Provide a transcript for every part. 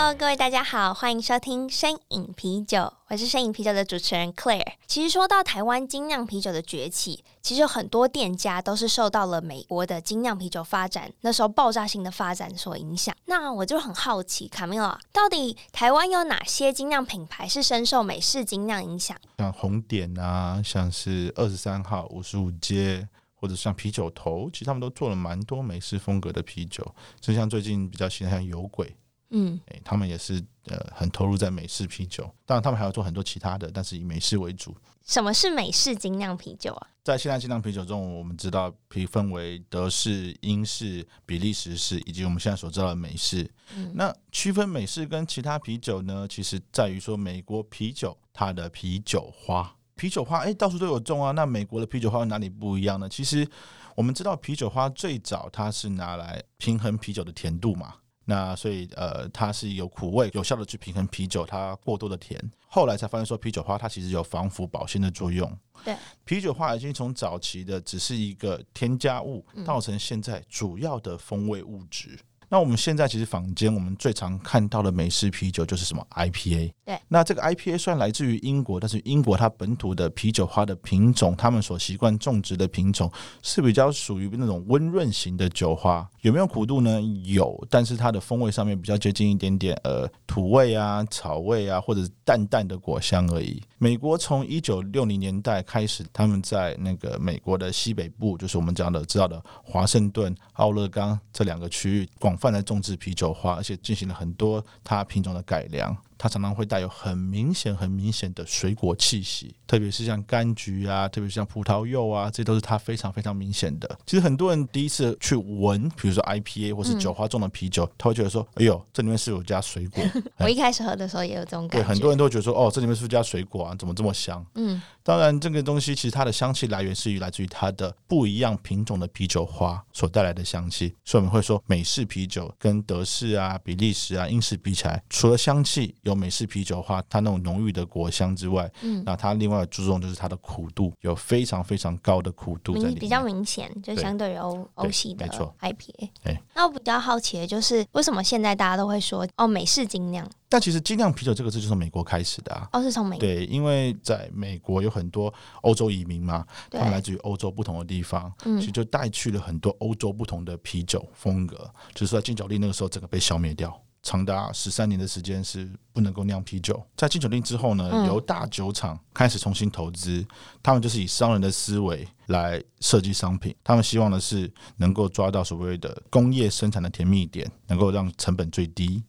Hello，各位大家好，歡迎收聽聲飲啤酒。我是聲飲啤酒的主持人 Claire。其實說到台灣精釀啤酒的崛起，其實有很多店家都是受到了美國的精釀啤酒發展，那時候爆炸性的發展所影響。那我就很好奇，卡米洛，到底台灣有哪些精釀品牌是深受美式精釀影響？像紅點啊，像是二十三號、五十五街，或者像啤酒頭，其實他們都做了蠻多美式風格的啤酒。就像最近比較喜歡有鬼。嗯，哎，他們也是呃，很投入在美式啤酒，當然他們還有做很多其他的，但是以美式為主。什麼是美式精釀啤酒啊？在現在精釀啤酒中，我們知道可以分為德式、英式、比利時式以及我們現在所知道的美式。嗯、那區分美式跟其他啤酒呢，其實在於說美國啤酒它的啤酒花，啤酒花哎、欸，到處都有種啊。那美國的啤酒花有哪裡不一樣呢？其實我們知道啤酒花最早它是拿來平衡啤酒的甜度嘛。那所以呃，它是有苦味，有效的去平衡啤酒它過多的甜。後來才發現說，啤酒花它其實有防腐保鮮的作用。對、嗯，啤酒花已經從早期的只是一個添加物，到成現在主要的風味物質、嗯。那我們現在其實坊間我們最常看到的美式啤酒就是什麼 IPA。對，那這個 IPA 雖然來自於英國，但是英國它本土的啤酒花的品種，他們所習慣種植的品種是比較屬於那種溫潤型的酒花。有沒有苦度呢？有，但是它的風味上面比較接近一點點呃土味啊、草味啊，或者淡淡的果香而已。美國從一九六零年代開始，他們在那個美國的西北部，就是我們講的知道的華盛頓、奧勒岡這兩個區域，廣泛來種植啤酒花，而且進行了很多它品種的改良。它常常會帶有很明顯、很明顯的水果氣息，特別是像柑橘啊，特別是像葡萄柚啊，這都是它非常非常明顯的。其實很多人第一次去聞，比如說 IPA 或是酒花種的啤酒，他、嗯、會覺得說：“哎呦，這裡面是不是有加水果？嗯”我一開始喝的時候也有這種感覺，很多人都會覺得說：“哦，這裡面是不是有加水果啊，怎麼這麼香？”嗯，當然，這個東西其實它的香氣來源是於來自於它的不一樣品種的啤酒花所帶來的香氣。所以我們會說，美式啤酒跟德式啊、比利時啊、英式比起來，除了香氣。有美式啤酒的話，它那種濃郁的果香之外，嗯，那它另外注重就是它的苦度，有非常非常高的苦度在裡面，比較明顯，就相對於歐歐系的 IPA。那我比較好奇的就是，為什麼現在大家都會說哦，美式精釀？但、欸、其實精釀啤酒這個字就是美國開始的啊，哦，是從美對，因為在美國有很多歐洲移民嘛，他們來自於歐洲不同的地方，嗯，所以就帶去了很多歐洲不同的啤酒風格，嗯、就是說在禁酒令那個時候整個被消滅掉。長達十三年的時間是不能夠釀啤酒。在禁酒令之後呢，由大酒廠開始重新投資，他們就是以商人的思維來設計商品。他們希望的是能夠抓到所謂的工業生產的甜蜜點，能夠讓成本最低，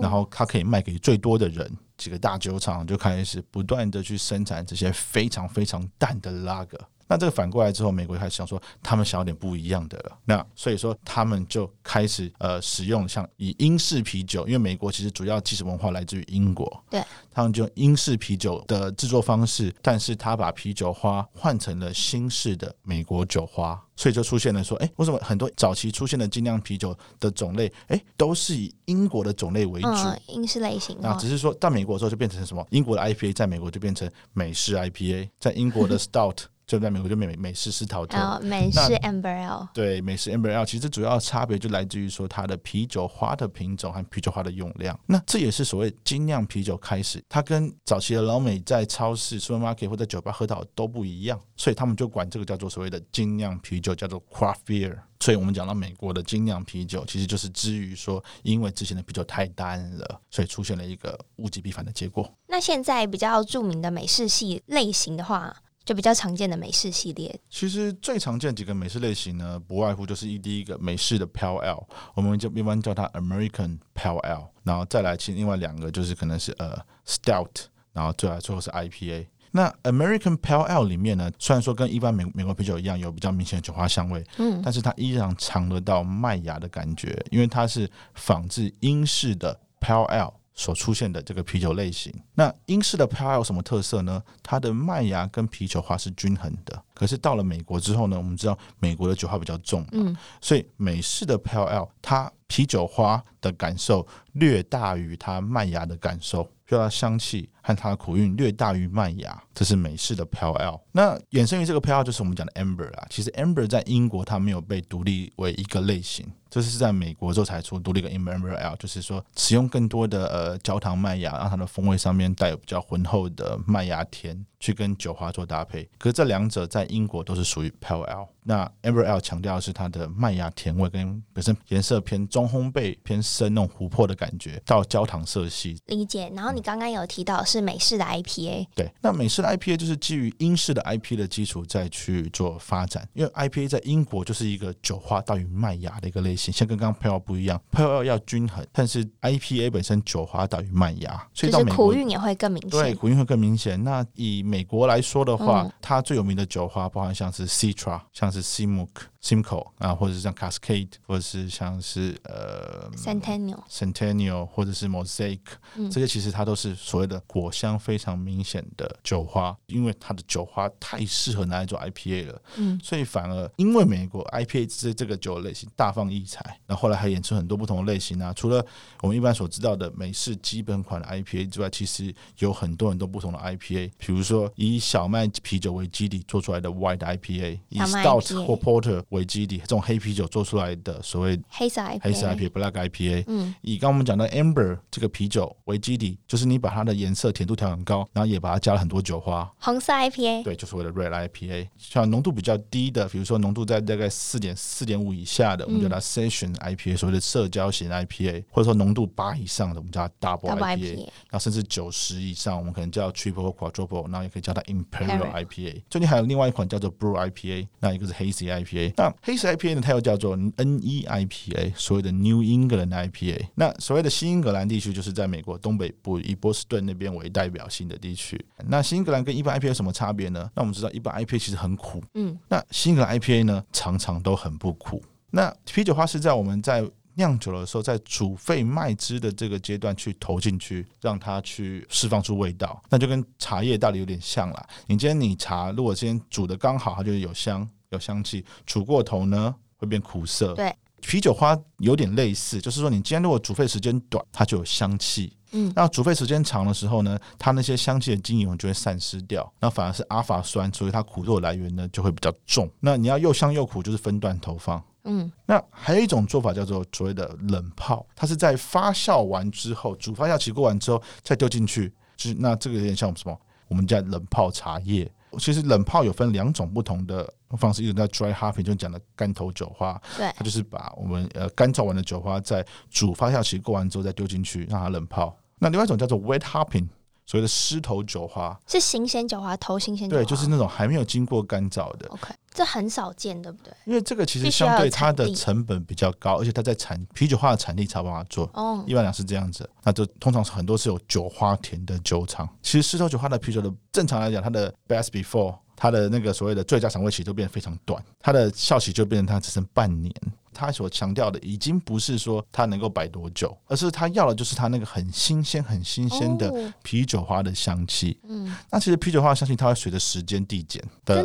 然後它可以賣給最多的人。幾個大酒廠就開始不斷的去生產這些非常非常淡的拉格。那這個反過來之後，美國還想說他們想要點不一樣的了。那所以說他們就。開始呃，使用像以英式啤酒，因為美國其實主要其實文化來自於英國，對，他們就用英式啤酒的制作方式，但是他把啤酒花換成了新式的美國酒花，所以就出現了說，哎、欸，為什麼很多早期出現的精釀啤酒的種類，哎、欸，都是以英國的種類為主，哦、英式類型，那只是說到美國之後就變成什麼？英國的 IPA 在美國就變成美式 IPA，在英國的 Stout。 就在美國，就美美式、斯陶特、美式、amber、哦、ale 對，美式 amber ale 其實主要差別就來自於說它的啤酒花的品種和啤酒花的用量。那這也是所謂精釀啤酒開始，它跟早期的老美在超市 supermarket 或者在酒吧喝到都不一樣，所以他們就管這個叫做所謂的精釀啤酒，叫做 craft beer。所以我們講到美國的精釀啤酒，其實就是基於說，因為之前的啤酒太淡了，所以出現了一個物極必反的結果。那現在比較著名的美式系類型的話。就比較常見的美式系列，其實最常見的幾個美式類型呢，不外乎就是一第一個美式的 Pale Ale，我們就一般叫它 American Pale Ale，然後再來其另外兩個就是可能是呃 Stout，然後最後來最後是 IPA。那 American Pale Ale 裡面呢，雖然說跟一般美美國啤酒一樣有比較明顯的酒花香味，嗯，但是它依然嘗得到麥芽的感覺，因為它是仿製英式的 Pale Ale。所出現的這個啤酒類型，那英式的 Pale 有什麼特色呢？它的麥芽跟啤酒花是均衡的。可是到了美國之後呢，我們知道美國的酒花比較重，嗯，所以美式的 Pale 它啤酒花的感受略大於它麥芽的感受，比較香氣。它的苦韻略大於麥芽，這是美式的 Pale Ale。那衍生於這個 Pale Ale 就是我們講的 Amber 啊，其實 Amber 在英國它沒有被獨立為一個類型，這、就是是在美國做才出獨立的個 Amber, -Amber L，就是說使用更多的呃焦糖麥芽，讓它的風味上面帶有比較渾厚的麥芽甜，去跟酒花做搭配。可是這兩者在英國都是屬於 Pale Ale。那 Amber L 強調的是它的麥芽甜味跟本身顏色偏中烘焙偏深那種琥珀的感覺，到焦糖色系理解。然後你剛剛有提到是？美式的 IPA 對，那美式的 IPA 就是基於英式的 IPA 的基礎再去做發展，因為 IPA 在英國就是一個酒花大於麥芽的一個類型，像跟剛剛 Pale Ale 不一樣，Pale Ale 要均衡，但是 IPA 本身酒花大於麥芽，所以到美國、就是、苦韻也會更明顯，對，苦運會更明顯。那以美國來說的話，嗯、它最有名的酒花，包含像是 Citra，像是 Simcoe Simcoe 啊，或者是像 Cascade，或者是像是呃 Centennial，Centennial，Centennial，或者是 Mosaic，嗯，這些其實它都是所謂的果香非常明顯的酒花，因為它的酒花太適合拿來做 IPA 了，嗯，所以反而因為美國 IPA 這這個酒類型大放異彩，那後，後來還演出很多不同的類型啊。除了我們一般所知道的美式基本款的 IPA 之外，其實有很多很多不同的 IPA，比如說以小麥啤酒為基底做出來的 White IPA，, IPA 以 Stout 或 Porter。為基底，這種黑啤酒做出來的所謂黑色 IPA, 黑色 IPA，Black IPA, IPA，嗯，以剛,剛我們講到 Amber 這個啤酒為基底，就是你把它的顏色、甜度調很高，然後也把它加了很多酒花，紅色 IPA，對，就是所謂的 Red IPA。像濃度比較低的，比如說濃度在大概四點四點五以下的、嗯，我們叫它 Session IPA，所謂的社交型 IPA，或者說濃度八以上的，我們叫它 Double IPA，, Double IPA 然後甚至九十以上，我們可能叫 Triple 或 Quadruple，然後也可以叫它 Imperial、Peril. IPA。最近還有另外一款叫做 Blue IPA，那一個是 Hazy IPA。那黑色 IPA 呢？它又叫做 NE IPA，所謂的 New England IPA。那所謂的新英格蘭地區，就是在美國東北部以波士頓那邊為代表性的地區。那新英格蘭跟一般 IPA 有什麼差別呢？那我們知道一般 IPA 其實很苦，嗯，那新英格蘭 IPA 呢，常常都很不苦。那啤酒花是在我們在釀酒的時候，在煮沸麥汁的這個階段去投進去，讓它去釋放出味道，那就跟茶葉到底有點像啦。你今天你茶如果今天煮的，剛好它就有香。有香氣，煮過頭呢，會變苦澀。對，啤酒花有點類似，就是說你今天如果煮沸時間短，它就有香氣。嗯，那煮沸時間長的時候呢，它那些香氣的精油就會散失掉，那反而是阿法酸，所以它苦度的來源呢就會比較重。那你要又香又苦，就是分段投放。嗯，那還有一種做法叫做所謂的冷泡，它是在發酵完之後，煮發酵期過完之後再丟進去，就是那這個有點像什麼？我們叫冷泡茶葉。其實冷泡有分兩種不同的方式，一種叫 dry hopping，就是講的乾投酒花，對，它就是把我們呃乾燥完的酒花在主發酵期過完之後再丟進去讓它冷泡。那另外一種叫做 wet hopping。所謂的濕頭酒花是新鮮酒花，頭新鮮酒花，對，就是那種還沒有經過乾燥的。OK，這很少見，對不對？因為這個其實相對它的成本比較高，而且它在產啤酒花的產地才有辦法做。哦，一般來講是這樣子，那就通常很多是有酒花田的酒廠。其實濕頭酒花的啤酒的正常來講，它的 best before，它的那個所謂的最佳賞味期就變得非常短，它的效期就變成它只剩半年。他所強調的已經不是說他能夠擺多久，而是他要的就是他那個很新鮮、很新鮮的啤酒花的香氣。嗯，那其實啤酒花的香氣它會隨着時間遞減的。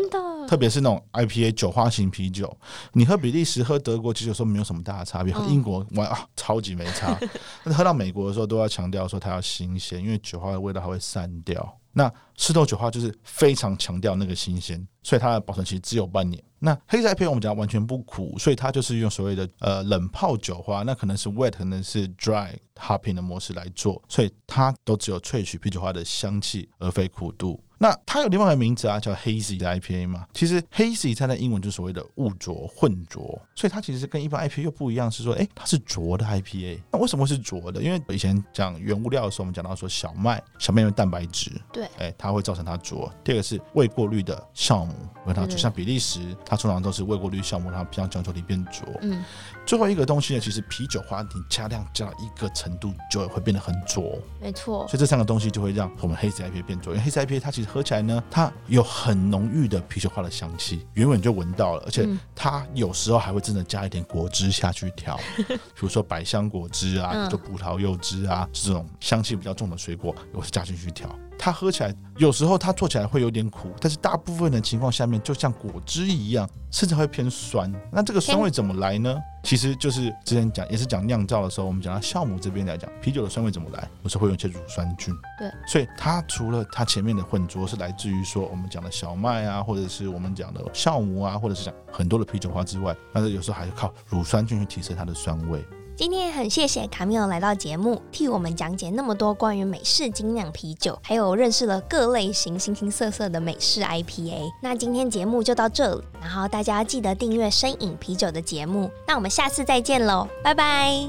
特別是那種 IPA 酒花型啤酒。你喝比利時、喝德國，其實說沒有什麼大的差別；和英國完、嗯、啊，超級沒差。但是喝到美國的時候，都要強調說它要新鮮，因為酒花的味道還會散掉。那濕投酒花就是非常強調那個新鮮，所以它的保存期只有半年。那黑色 IPA 我們講完全不苦，所以它就是用所謂的呃冷泡酒花，那可能是 wet，可能是 dry hopping 的模式來做，所以它都只有萃取啤酒花的香氣，而非苦度。那它有另外一個名字啊，叫 Hazy 的 IPA 嘛。其實 Hazy 它在英文就是所謂的“霧濁”、“混濁”，所以它其實跟一般 IPA 又不一樣，是說，哎、欸，它是濁的 IPA。那為什麼會是濁的？因為我以前講原物料的時候，我們講到說小麥，小麥的蛋白質，對，哎、欸，它會造成它濁。第二個是未過濾的酵母，因為它、嗯、就像比利時，它通常都是未過濾酵母，它比較講究裡變濁。嗯，最後一個東西呢，其實啤酒花你加量加到一個程度，就會變得很濁。沒錯，所以這三個東西就會讓我們 Hazy IPA 變濁。因為 Hazy IPA 它其實，喝起來呢，它有很濃郁的啤酒花的香氣，原本就聞到了，而且它有時候還會真的加一點果汁下去調，比、嗯、如說百香果汁啊，或葡萄柚汁啊，嗯、這種香氣比較重的水果，我是加進去調。它喝起來有時候它做起來會有點苦，但是大部分的情況下面就像果汁一樣，甚至會偏酸。那這個酸味怎麼來呢？其實就是之前講也是講釀造的時候，我們講到酵母這邊來講，啤酒的酸味怎麼來，我是會用一些乳酸菌。對，所以它除了它前面的混濁是來自於說我們講的小麥啊，或者是我們講的酵母啊，或者是講很多的啤酒花之外，但是有時候還是靠乳酸菌去提升它的酸味。今天也很謝謝 Camilo 來到節目，替我們講解那麼多關於美式精釀啤酒，還有認識了各類型形形色色的美式 IPA。那今天節目就到這裡，然後大家記得訂閱聲飲啤酒的節目。那我們下次再見嘍，拜拜。